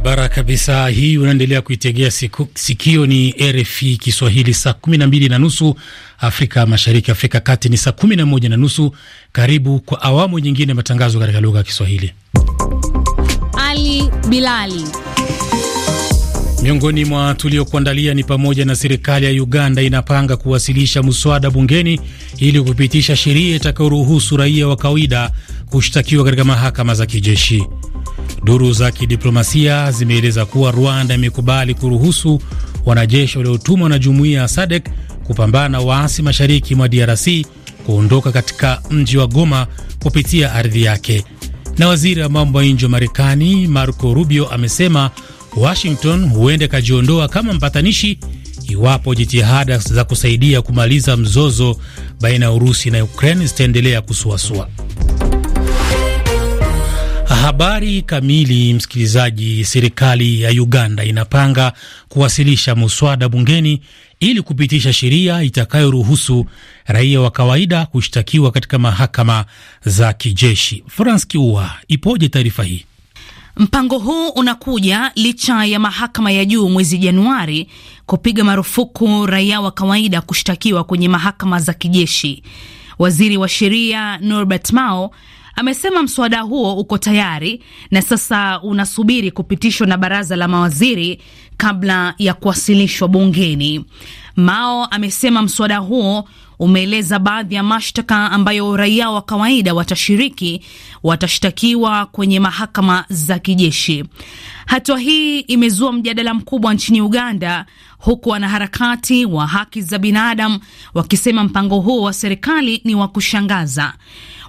Barabara kabisa hii, unaendelea kuitegea sikio. Ni RFI Kiswahili, saa kumi na mbili na nusu Afrika Mashariki, Afrika Kati ni saa kumi na moja na nusu. Karibu kwa awamu nyingine matangazo katika lugha ya Kiswahili. Ali Bilali miongoni mwa tuliokuandalia ni pamoja na serikali ya Uganda inapanga kuwasilisha mswada bungeni ili kupitisha sheria itakayoruhusu raia wa kawaida kushtakiwa katika mahakama za kijeshi. Duru za kidiplomasia zimeeleza kuwa Rwanda imekubali kuruhusu wanajeshi waliotumwa na jumuiya ya SADC kupambana na waasi mashariki mwa DRC kuondoka katika mji wa Goma kupitia ardhi yake. Na waziri wa mambo ya nje wa Marekani Marco Rubio amesema Washington huenda ikajiondoa kama mpatanishi iwapo jitihada za kusaidia kumaliza mzozo baina ya Urusi na Ukraine zitaendelea kusuasua. Habari kamili, msikilizaji. Serikali ya Uganda inapanga kuwasilisha muswada bungeni ili kupitisha sheria itakayoruhusu raia wa kawaida kushtakiwa katika mahakama za kijeshi. Frans Kiua, ipoje taarifa hii? Mpango huu unakuja licha ya mahakama ya juu mwezi Januari kupiga marufuku raia wa kawaida kushtakiwa kwenye mahakama za kijeshi. Waziri wa sheria Norbert Mao amesema mswada huo uko tayari na sasa unasubiri kupitishwa na baraza la mawaziri kabla ya kuwasilishwa bungeni. Mao amesema mswada huo umeeleza baadhi ya mashtaka ambayo raia wa kawaida watashiriki watashtakiwa kwenye mahakama za kijeshi. Hatua hii imezua mjadala mkubwa nchini Uganda, huku wanaharakati wa haki za binadamu wakisema mpango huo wa serikali ni wa kushangaza.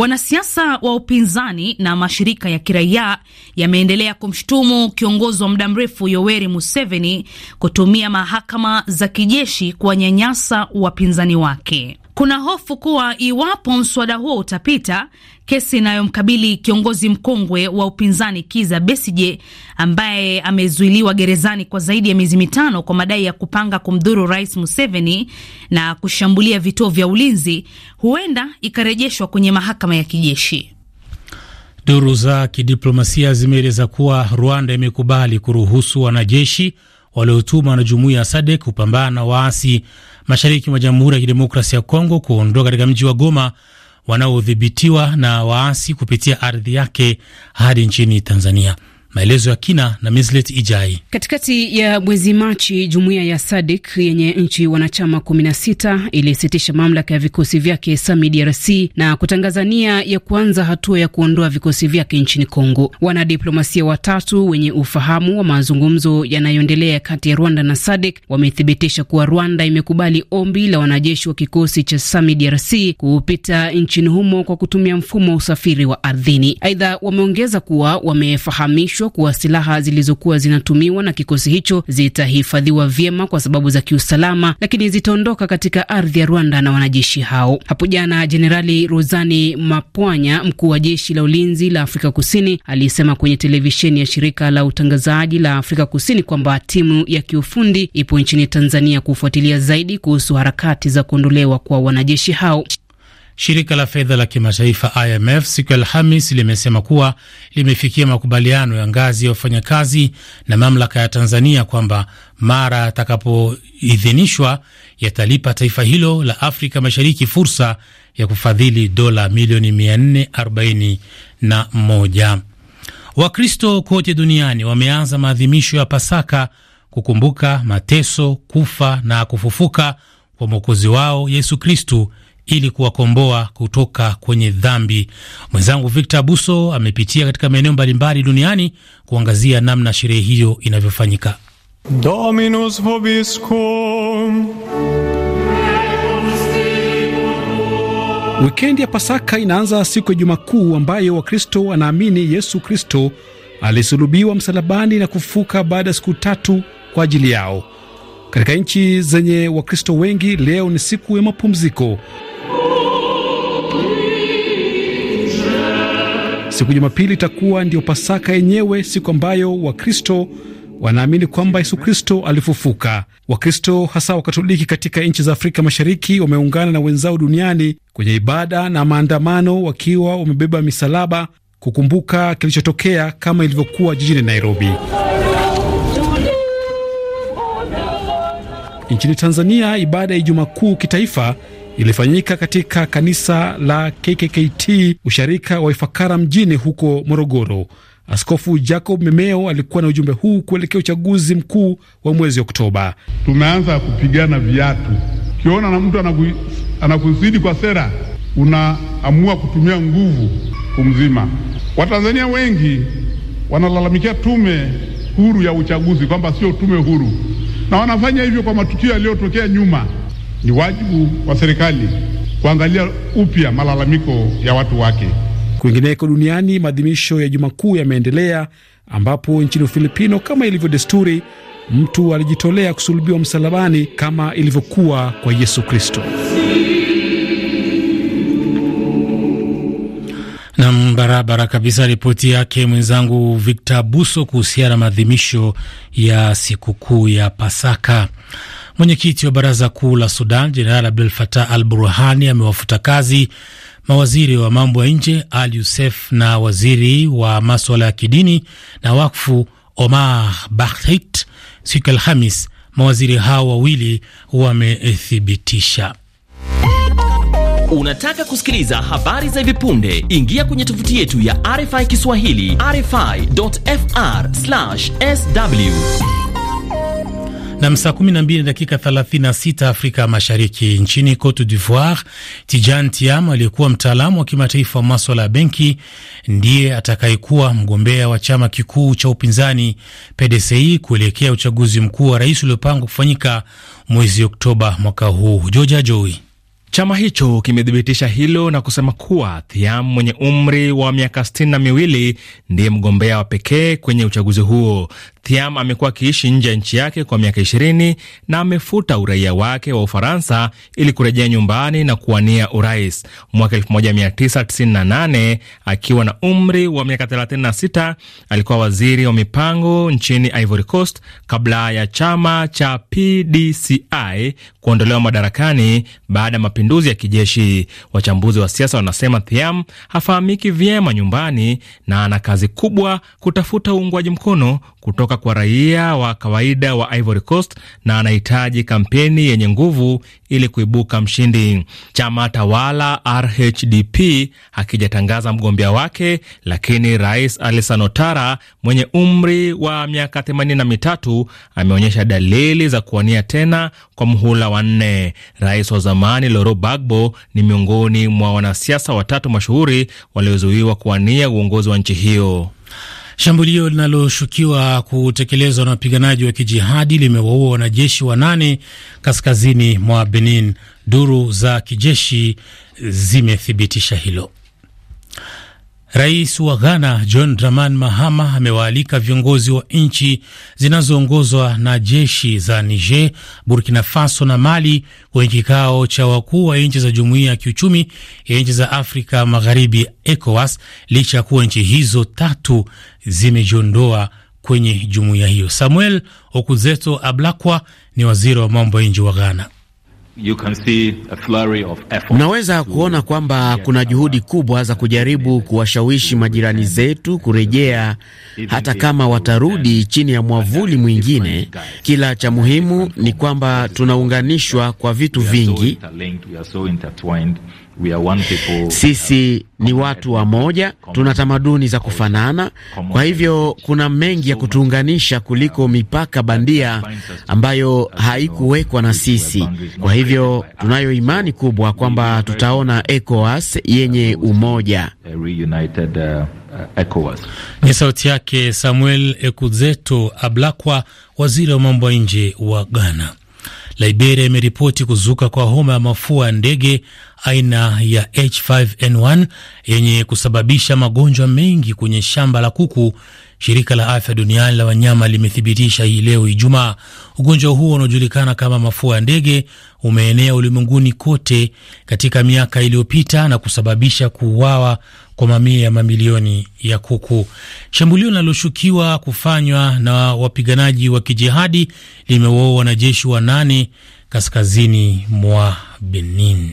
Wanasiasa wa upinzani na mashirika ya kiraia yameendelea kumshutumu kiongozi wa muda mrefu Yoweri Museveni kutumia mahakama za kijeshi kuwanyanyasa wapinzani wake. Kuna hofu kuwa iwapo mswada huo utapita, kesi inayomkabili kiongozi mkongwe wa upinzani Kiza Besije ambaye amezuiliwa gerezani kwa zaidi ya miezi mitano kwa madai ya kupanga kumdhuru Rais Museveni na kushambulia vituo vya ulinzi huenda ikarejeshwa kwenye mahakama ya kijeshi. Duru za kidiplomasia zimeeleza kuwa Rwanda imekubali kuruhusu wanajeshi waliotumwa na jumuiya ya SADC kupambana na waasi mashariki mwa Jamhuri ya Kidemokrasia ya Kongo kuondoka katika mji wa Goma wanaodhibitiwa na waasi kupitia ardhi yake hadi nchini Tanzania. Maelezo ya kina na Mislet Ijai. Katikati ya mwezi Machi, jumuiya ya SADIK yenye nchi wanachama 16 ilisitisha mamlaka ya vikosi vyake SAMI DRC na kutangaza nia ya kuanza hatua ya kuondoa vikosi vyake nchini Kongo. Wanadiplomasia watatu wenye ufahamu wa mazungumzo yanayoendelea kati ya Rwanda na SADIK wamethibitisha kuwa Rwanda imekubali ombi la wanajeshi wa kikosi cha SAMI DRC kupita nchini humo kwa kutumia mfumo wa usafiri wa ardhini. Aidha, wameongeza kuwa wamefahamishwa kuhakikishwa kuwa silaha zilizokuwa zinatumiwa na kikosi hicho zitahifadhiwa vyema kwa sababu za kiusalama, lakini zitaondoka katika ardhi ya Rwanda na wanajeshi hao. Hapo jana, Jenerali Rozani Mapwanya, mkuu wa jeshi la ulinzi la Afrika Kusini, alisema kwenye televisheni ya shirika la utangazaji la Afrika Kusini kwamba timu ya kiufundi ipo nchini Tanzania kufuatilia zaidi kuhusu harakati za kuondolewa kwa wanajeshi hao. Shirika la fedha la kimataifa IMF siku ya Alhamis limesema kuwa limefikia makubaliano ya ngazi ya wafanyakazi na mamlaka ya Tanzania kwamba mara yatakapoidhinishwa yatalipa taifa hilo la Afrika Mashariki fursa ya kufadhili dola milioni 441. Wakristo kote duniani wameanza maadhimisho ya Pasaka kukumbuka mateso, kufa na kufufuka kwa Mwokozi wao Yesu Kristu ili kuwakomboa kutoka kwenye dhambi. Mwenzangu Victor Abuso amepitia katika maeneo mbalimbali duniani kuangazia namna sherehe hiyo inavyofanyika. Dominus vobiscum. Wikendi ya Pasaka inaanza siku ya Juma Kuu, ambayo Wakristo wanaamini Yesu Kristo alisulubiwa msalabani na kufuka baada ya siku tatu kwa ajili yao. Katika nchi zenye Wakristo wengi, leo ni siku ya mapumziko. Siku Jumapili itakuwa ndiyo Pasaka yenyewe, siku ambayo Wakristo wanaamini kwamba Yesu Kristo alifufuka. Wakristo hasa Wakatoliki katika nchi za Afrika Mashariki wameungana na wenzao duniani kwenye ibada na maandamano, wakiwa wamebeba misalaba kukumbuka kilichotokea kama ilivyokuwa jijini Nairobi. Nchini Tanzania, ibada ya Ijumaa Kuu kitaifa ilifanyika katika kanisa la KKKT usharika wa Ifakara mjini huko Morogoro. Askofu Jacob Memeo alikuwa na ujumbe huu kuelekea uchaguzi mkuu wa mwezi Oktoba. Tumeanza kupigana viatu. Ukiona na mtu anakuzidi kwa sera, unaamua kutumia nguvu kumzima. Watanzania wengi wanalalamikia tume huru ya uchaguzi kwamba sio tume huru, na wanafanya hivyo kwa matukio yaliyotokea nyuma. Ni wajibu wa serikali kuangalia upya malalamiko ya watu wake. Kwingineko duniani, maadhimisho ya Juma Kuu yameendelea ambapo nchini Ufilipino, kama ilivyo desturi, mtu alijitolea kusulubiwa msalabani kama ilivyokuwa kwa Yesu Kristo. Nam, barabara kabisa. Ripoti yake mwenzangu Victor Buso kuhusiana na maadhimisho ya sikukuu ya Pasaka. Mwenyekiti wa baraza kuu la Sudan jeneral Abdul fatah al Burhani amewafuta kazi mawaziri wa mambo ya nje Al Yusef na waziri wa maswala ya kidini na wakfu Omar Bahit siku Alhamis, mawaziri hao wawili wamethibitisha. Unataka kusikiliza habari za hivi punde? Ingia kwenye tovuti yetu ya RFI Kiswahili, rfi.fr/sw na saa 12 na dakika 36 Afrika Mashariki. Nchini Cote d'Ivoire, Tijan Tiam aliyekuwa mtaalamu wa kimataifa wa maswala ya benki ndiye atakayekuwa mgombea wa chama kikuu cha upinzani PDCI kuelekea uchaguzi mkuu wa rais uliopangwa kufanyika mwezi Oktoba mwaka huu. Joja Joi. Chama hicho kimethibitisha hilo na kusema kuwa Thiam mwenye umri wa miaka sitini na miwili ndiye mgombea wa pekee kwenye uchaguzi huo. Thiam amekuwa akiishi nje ya nchi yake kwa miaka 20 na amefuta uraia wake wa Ufaransa ili kurejea nyumbani na kuwania urais. Mwaka 1998 akiwa na umri wa miaka 36, alikuwa waziri wa mipango nchini Ivory Coast kabla ya chama cha PDCI kuondolewa madarakani baada ya mapinduzi ya kijeshi. Wachambuzi wa siasa wanasema Thiam hafahamiki vyema nyumbani na ana kazi kubwa kutafuta uungwaji mkono kutoka kwa raia wa kawaida wa Ivory Coast na anahitaji kampeni yenye nguvu ili kuibuka mshindi. Chama tawala RHDP hakijatangaza mgombea wake, lakini Rais Alassane Ouattara mwenye umri wa miaka mitatu ameonyesha dalili za kuwania tena kwa mhula wa nne. Rais wa zamani Laurent Gbagbo ni miongoni mwa wanasiasa watatu mashuhuri waliozuiwa kuwania uongozi wa nchi hiyo. Shambulio linaloshukiwa kutekelezwa na wapiganaji wa kijihadi limewaua wanajeshi wanane kaskazini mwa Benin. Duru za kijeshi zimethibitisha hilo. Rais wa Ghana John Dramani Mahama amewaalika viongozi wa nchi zinazoongozwa na jeshi za Niger, Burkina Faso na Mali kwenye kikao cha wakuu wa nchi za jumuiya ya kiuchumi ya nchi za Afrika Magharibi, ECOWAS, licha ya kuwa nchi hizo tatu zimejiondoa kwenye jumuiya hiyo. Samuel Okuzeto Ablakwa ni waziri wa mambo ya nje wa Ghana. You can see a flurry of effort. Unaweza kuona kwamba kuna juhudi kubwa za kujaribu kuwashawishi majirani zetu kurejea, hata kama watarudi chini ya mwavuli mwingine. Kila cha muhimu ni kwamba tunaunganishwa kwa vitu vingi. Sisi ni watu wa moja, tuna tamaduni za kufanana. Kwa hivyo kuna mengi ya kutuunganisha kuliko mipaka bandia ambayo haikuwekwa na sisi. Kwa hivyo tunayo imani kubwa kwamba tutaona ECOWAS yenye umoja. Uh, uh, Ni sauti yake Samuel Ekuzeto Ablakwa, waziri wa mambo ya nje wa Ghana. Liberia imeripoti kuzuka kwa homa ya mafua ya ndege aina ya H5N1 yenye kusababisha magonjwa mengi kwenye shamba la kuku. Shirika la afya duniani la wanyama limethibitisha hii leo Ijumaa. Ugonjwa huo unaojulikana kama mafua ya ndege umeenea ulimwenguni kote katika miaka iliyopita na kusababisha kuuawa kwa mamia ya mamilioni ya kuku. Shambulio linaloshukiwa kufanywa na wapiganaji wa kijihadi limewaua wanajeshi wanane kaskazini mwa Benin.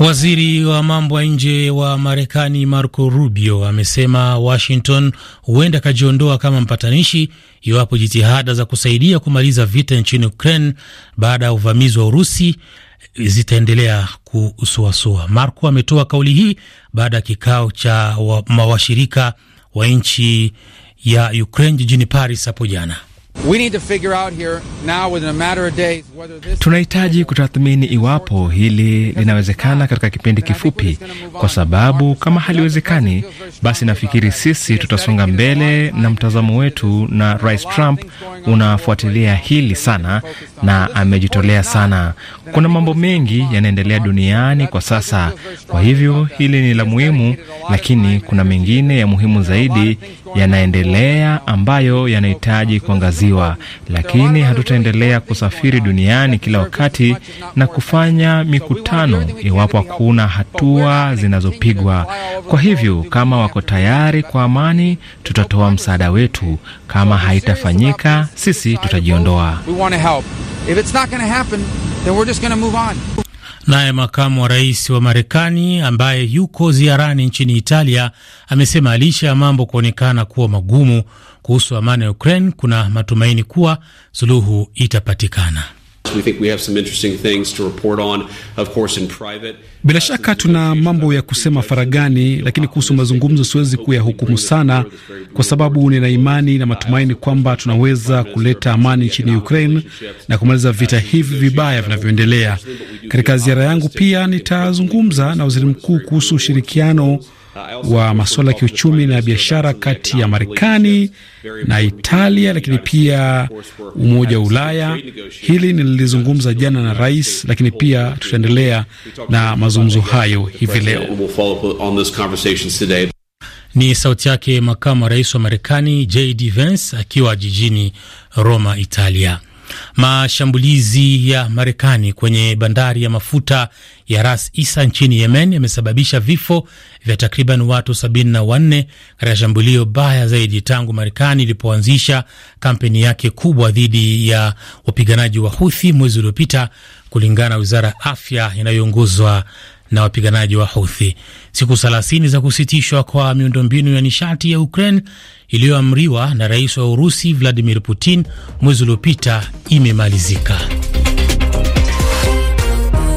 Waziri wa mambo ya nje wa Marekani Marco Rubio amesema Washington huenda akajiondoa kama mpatanishi iwapo jitihada za kusaidia kumaliza vita nchini Ukraine baada ya uvamizi wa Urusi zitaendelea kusuasua. Marco ametoa kauli hii baada ya kikao cha mawashirika wa, wa nchi ya Ukraine jijini Paris hapo jana. Tunahitaji kutathmini iwapo hili linawezekana katika kipindi kifupi, kwa sababu kama haliwezekani, basi nafikiri sisi tutasonga mbele na mtazamo wetu, na Rais Trump unafuatilia hili sana na amejitolea sana. Kuna mambo mengi yanaendelea duniani kwa sasa, kwa hivyo hili ni la muhimu, lakini kuna mengine ya muhimu zaidi yanaendelea ambayo yanahitaji kuangaziwa, lakini hatutaendelea kusafiri duniani kila wakati na kufanya mikutano iwapo hakuna hatua zinazopigwa. Kwa hivyo, kama wako tayari kwa amani, tutatoa msaada wetu. Kama haitafanyika, sisi tutajiondoa. Naye makamu wa rais wa Marekani ambaye yuko ziarani nchini Italia amesema licha ya mambo kuonekana kuwa magumu kuhusu amani ya Ukraine, kuna matumaini kuwa suluhu itapatikana. Bila shaka tuna mambo ya kusema faragani, lakini kuhusu mazungumzo siwezi kuyahukumu sana, kwa sababu nina imani na matumaini kwamba tunaweza kuleta amani nchini Ukraine na kumaliza vita hivi vibaya vinavyoendelea. Katika ziara yangu pia nitazungumza na waziri mkuu kuhusu ushirikiano wa masuala ya kiuchumi na biashara kati ya Marekani na Italia, lakini pia Umoja wa Ulaya. Hili nililizungumza jana na rais, lakini pia tutaendelea na mazungumzo hayo hivi leo. Ni sauti yake makamu wa rais wa Marekani JD Vance akiwa jijini Roma, Italia. Mashambulizi ya Marekani kwenye bandari ya mafuta ya Ras Isa nchini Yemen yamesababisha vifo vya takriban watu sabini na wanne katika shambulio baya zaidi tangu Marekani ilipoanzisha kampeni yake kubwa dhidi ya wapiganaji wa Huthi mwezi uliopita, kulingana na wizara ya afya inayoongozwa na wapiganaji wa Houthi. Siku 30 za kusitishwa kwa miundombinu ya nishati ya Ukraine iliyoamriwa na rais wa Urusi Vladimir Putin mwezi uliopita imemalizika.